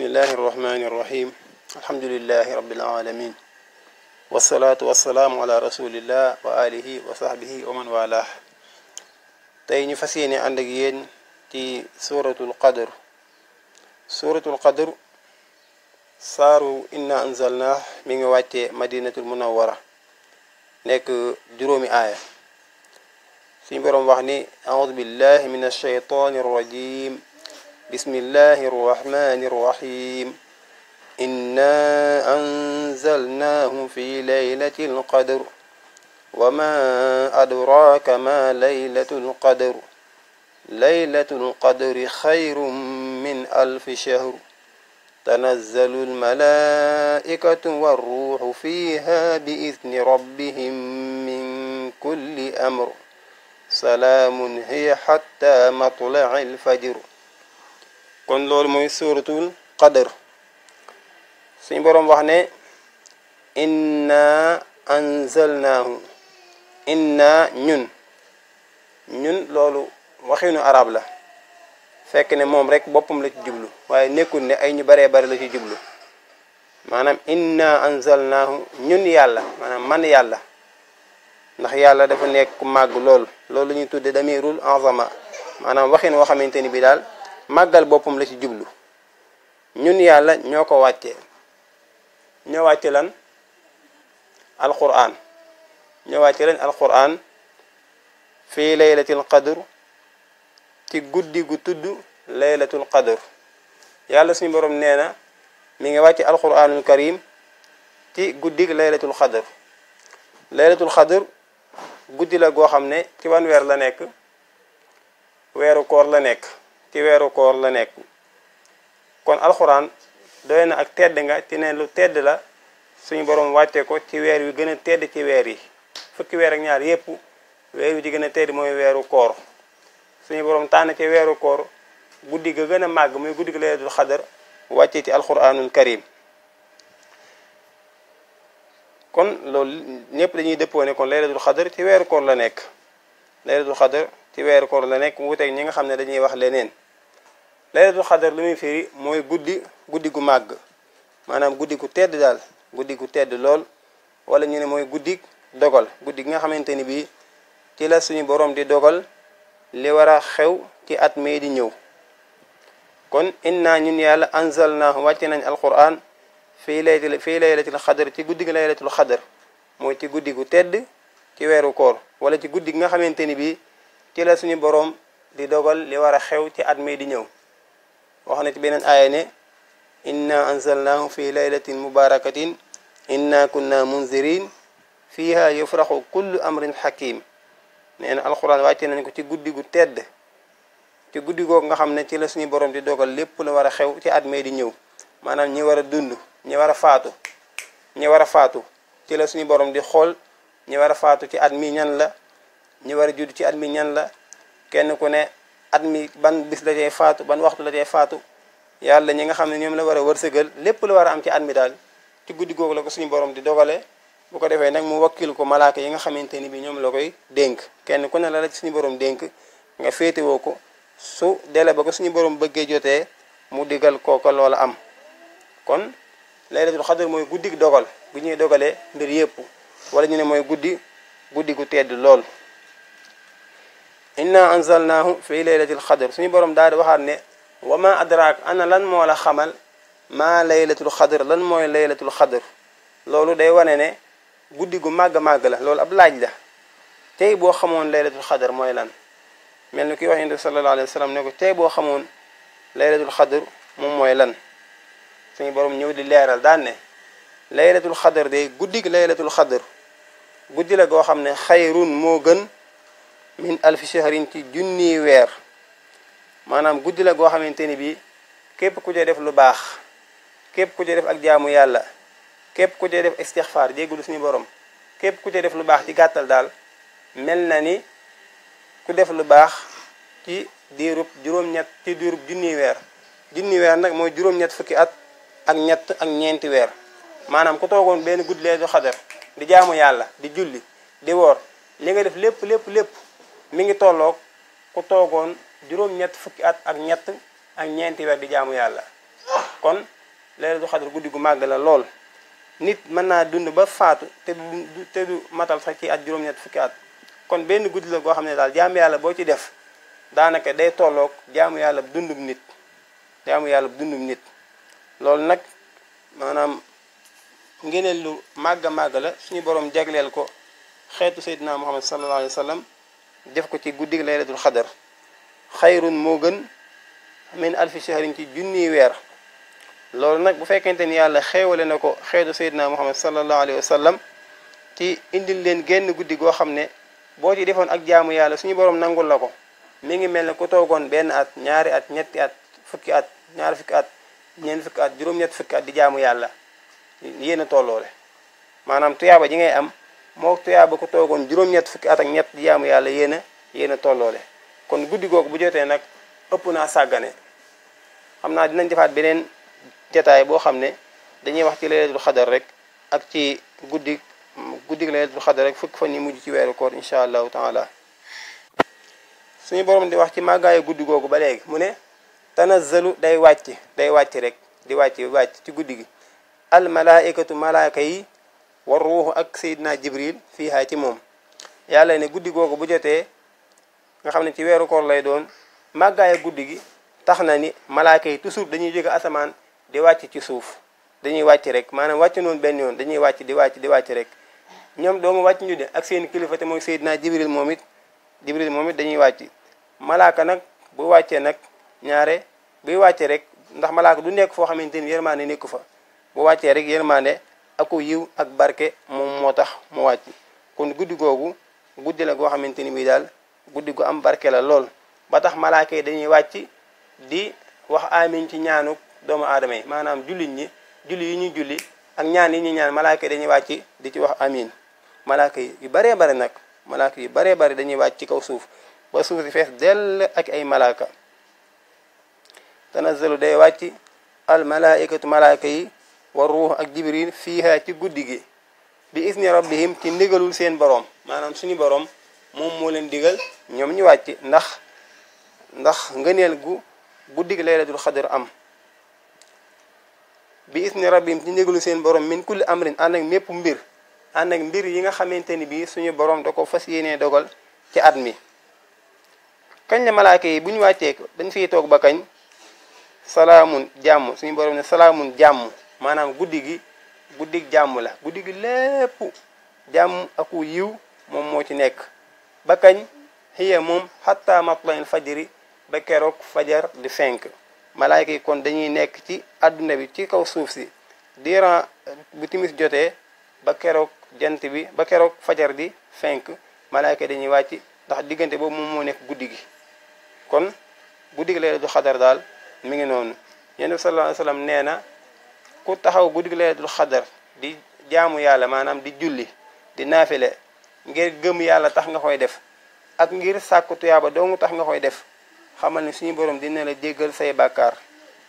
bismillahi irrahmani irrahim alhamdulilahi rabilalamin wasalaatu wasalaamu ala rasulillah wa alihi wa sahbihi wa man walah tey ñu fas yéene ànd ak yéen ci suratul qadr suratul qadr saaru inna anzalna mi ngi wàccee madinatul munawwara nekk juróomi aaya suñu boroom wax ni audu billahi min alsheytani arrajim بسم الله الرحمن الرحيم إنا أنزلناه في ليلة القدر وما أدراك ما ليلة القدر ليلة القدر خير من ألف شهر تنزل الملائكة والروح فيها بإذن ربهم من كل أمر سلام هي حتى مطلع الفجر kon loolu mooy suuratul qadar suñu boroom wax ne inna anzalnaahu inna ñun ñun loolu waxinu arab la fekk ne moom rek boppam la ci jublu waaye nekkul ne ay ñu baree bare la ci jublu maanaam inna anzalnaahu ñun yàlla maanaam man yàlla ndax yàlla dafa nekk màgg lool loolu la ñuy tudde damirul azama maanaam waxin woo xamante ni bi daal màggal boppam la ci jublu ñun yàlla ñoo ko wàccee ñoo wàcce lan alquran ñoo wàcce lan alquran fii laylatil qadr ci guddi gu tudd laylatul qadr yàlla suñu borom nee na mi ngi wàcce alquranul karim ci guddi laylatul qadr laylatul qadr guddi la goo xam ne ci wan weer la nekk weeru koor la nekk ci weeru koor la nekk kon alxuraan doy na ak tedd nga ci ne lu tedd la suñu boroom wàcce ko ci weer wi gën a tedd ci weer yi fukki weer ak ñaar yépp weer wi ci gën a tedd mooy weeru koor suñu borom tànn ci weeru koor guddi ga gën a màgg muy guddi ga laylatul xadar wàcce ci alxuraanul karim kon loolu ñëpp dañuy dëppoo ne kon laylatul xadar ci weeru koor la nekk laylatul xadar ci weeru koor la nekk wuuteeg ñi nga xam ne dañuy wax leneen laylatul xadar lu muy firi mooy guddi guddi gu màgg maanaam guddi gu tedd daal guddi gu tedd lool wala ñu ne mooy guddi dogal guddi gi nga xamante ni bii ci la suñu borom di dogal li war a xew ci at mee di ñëw kon inna ñun yàlla anzalnaahu wàcce nañ alquran fii laylatil fii laylatil xadar ci guddi gi laylatul xadar mooy ci guddi gu tedd ci weeru koor wala ci guddi gi nga xamante ni bii ci la suñu boroom di dogal li war a xew ci at mi di ñëw wax na ci beneen aaya ne inna anzalnaahu fi laylatin na inna kunna munzirin fiha yufraxu kullu amrin hakim nee na alxuraan wàcce nañ ko ci guddi gu tedd ci guddi googu nga xam ne ci la suñu borom di dogal lépp lu war a xew ci at mi di ñëw maanaam ñi war a dund ñi war a faatu ñi war a faatu ci la suñu boroom di xool ñi war a faatu ci at mi ñan la ñu war a judd ci at mi ñan la kenn ku ne at mi ban bis la cay faatu ban waxtu la cay faatu yàlla ñi nga xam ne ñoom la war a wërsëgal lépp la war a am ci at mi daal ci guddi googu la ko suñu boroom di dogale bu ko defee nag mu wakkil ko malaaka yi nga xamante ni bi ñoom koy dénk kenn ku ne la la suñu borom dénk nga féetewoo ko su dele ba ko suñu borom bëggee jotee mu digal kooka loola am kon laylatul xadar mooy guddi dogal bu ñuy dogalee mbir yëpp wala ñu ne mooy guddi guddi gu tedd lool inna anzalnaahu fi laylatil xadr suñu borom daal di waxaat ne wa ma adraak ana lan moola xamal maa laylatul xadr lan mooy laylatul xadr loolu day wane ne guddi gu màgg màgg la loolu ab laaj la tey boo xamoon laylatul xadr mooy lan mel ni kuy wax yonent bi sallallahu alayhi wa ko tey boo xamoon laylatul xadr moom mooy lan suñu borom ñëw di leeral daan ne laylatul xadr day guddi gi laylatul xadr guddi la goo xam ne xayrun moo gën min alfi shahrin ci junniy weer maanaam guddi la goo xamante ni bii képp ku cee def lu baax képp ku cee def ak jaamu yàlla képp ku jee def istixfaar jéggulu suñu borom képp ku cee def lu baax ci gàttal daal mel na ni ku def lu baax ci diirub juróom-ñett ci diirub junniy weer junni weer nag mooy juróom-ñett fukki at ak ñett ak ñeenti weer maanaam ku toogoon benn guddi lee du xadar di jaamu yàlla di julli di woor li nga def lépp lépp lépp mi ngi tolloog ku toogoon juróom-ñett fukki at ak ñett ak ñeenti weer di jaamu yàlla kon leelu du xadar guddi gu màgg la lool nit mën naa dund ba faatu te du matal sax ci at juróom-ñett fukki at kon benn guddi la goo xam ne daal jaamu yàlla boo ci def daanaka day tolloog jaamu yàlla dundub nit jaamu yàlla dundub nit loolu nag maanaam ngeneen lu màgg màgg la suñu borom jagleel ko xeetu seydina muhammad sallallahu alayhi wa sallam def ko ci guddig laylatul xadar xayrun moo gën mel min alfi shahrin ci junniy weer loolu nag bu fekkente ni yàlla xeewale na ko xeetu sayyidina muhammad sallallahu alayhi wa sallam ci indil leen génn guddi goo xam ne boo ci defoon ak jaamu yàlla suñu borom nangul la ko mi ngi mel ne ku toogoon benn at ñaari at ñetti at fukki at ñaari fukki at ñeent fukki at juróom-ñett fukki at di jaamu yàlla yéen a tolloole maanaam tuyaaba ji ngay am moo tuyaaba ko toogoon juróom-ñett fukki atak ak ñett di yàlla yéen a yéen a tolloole kon guddi googu bu jotee nag ëpp naa sàggane xam naa dinañ defaat beneen jataay boo xam ne dañuy wax ci laylatul xadar rek ak ci guddi guddi laylatul xadar rek fukki fan yi mujj ci weeru koor incha allahu taala suñu borom di wax ci màggaayu guddi googu ba léegi mu ne tanazzalu day wàcc day wàcc rek di wàcc wàcc ci guddi gi al malaikatu malaaka yi war ruuxu ak Seydina Jibril fii haa ci moom yàlla ne guddi googu bu jotee nga xam ne ci weeru koor lay doon màggaaya guddi gi tax na ni malaaka yi toujours dañuy jóge asamaan di wàcc ci suuf dañuy wàcc rek maanaam wàcc noonu benn yoon dañuy wàcc di wàcc di wàcc rek ñoom doomu wàcc ñu de ak seen kilifa te mooy Seydina Jibril moom it Jibril moom it dañuy wàcc malaaka nag bu wàccee nag ñaare buy wàcce rek ndax malaaka du nekk foo xamante ni yërmaande nekku fa bu wàccee rek yërmaande aku yiw ak barke moom moo tax mu wàcc kon guddi googu guddi la goo xamante ni bii daal guddi gu am barke la lool ba tax malaaka yi dañuy wàcc di wax amin ci ñaanu doomu aadama yi maanaam jullit ñi julli yu ñuy julli ak ñaan yi ñuy ñaan malaaka dañuy wàcc di ci wax amin malaaka yi yu baree bare nag malaaka yu baree bare dañuy wàcc ci kaw suuf ba suuf si fees dell ak ay malaaka tanazalu day wàcc al malaikatu yi wa ruux ak jibril fiiha ci guddi gi bi isni rabbihim ci ndigalul seen boroom maanaam suñu boroom moom moo leen digal ñoom ñu wàcc ndax ndax ngëneel gu guddi gi laylatul xadar am bi isni rabbihim ci ndigalul seen boroom min kulli amrin ànd ak mépp mbir ànd ak mbir yi nga xamante ni bii suñu boroom da ko fas yéenee dogal ci at mi kañ la malaaka yi bu ñu wàccee dañ fi toog ba kañ salaamun jàmm suñu boroom ne salaamun jàmm maanaam guddi gi guddi jàmm la guddi gi lépp jàmm aku yiw moom moo ci nekk ba kañ xiya moom xatta matlail fajri ba keroog fajar di fenk malaayka yi kon dañuy nekk ci àdduna bi ci kaw suuf si diiran bu timis jotee ba keroog jant bi ba keroog fajar di fenk malaayka yi dañuy wàcc ndax diggante boobu moom moo nekk guddi gi kon guddi gi lay du xadar daal mi ngi noonu yéen bi sallallahu alayhi wa nee na ku taxaw guddi laylatul xadar di jaamu yàlla maanaam di julli di naafile ngir gëm yàlla tax nga koy def ak ngir sàkku tuyaaba doo tax nga koy def xamal ni suñu borom dina la jéggal say bàkkaar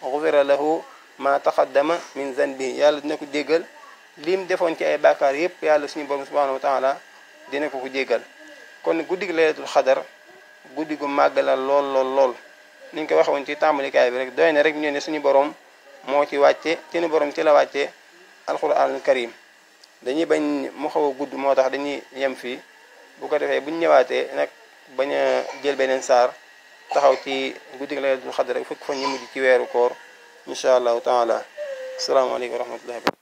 xufira lahu ma taqaddama min zanbi yàlla dina ko jéggal lim defoon ci ay bàkkaar yépp yàlla suñu borom subhanahu wa taala dina ko ko jéggal kon guddig laylatul xadar guddi gu màgg la lool lool lool ni ko waxoon ci tàmbalikaay bi rek doy ne rek ñu ne suñu borom moo ci wàcce ci ni borom ci la wàcce alquranul karim dañuy bañ mu xaw gudd moo tax dañuy yem fii bu ko defee buñ ñëwaatee nag bañ jël beneen saar taxaw ci guddi guddig laylatul xadr rek fokk fa ñu mujj ci weeru koor incha allahu taala asalaamaaleykum wa rahmatullahi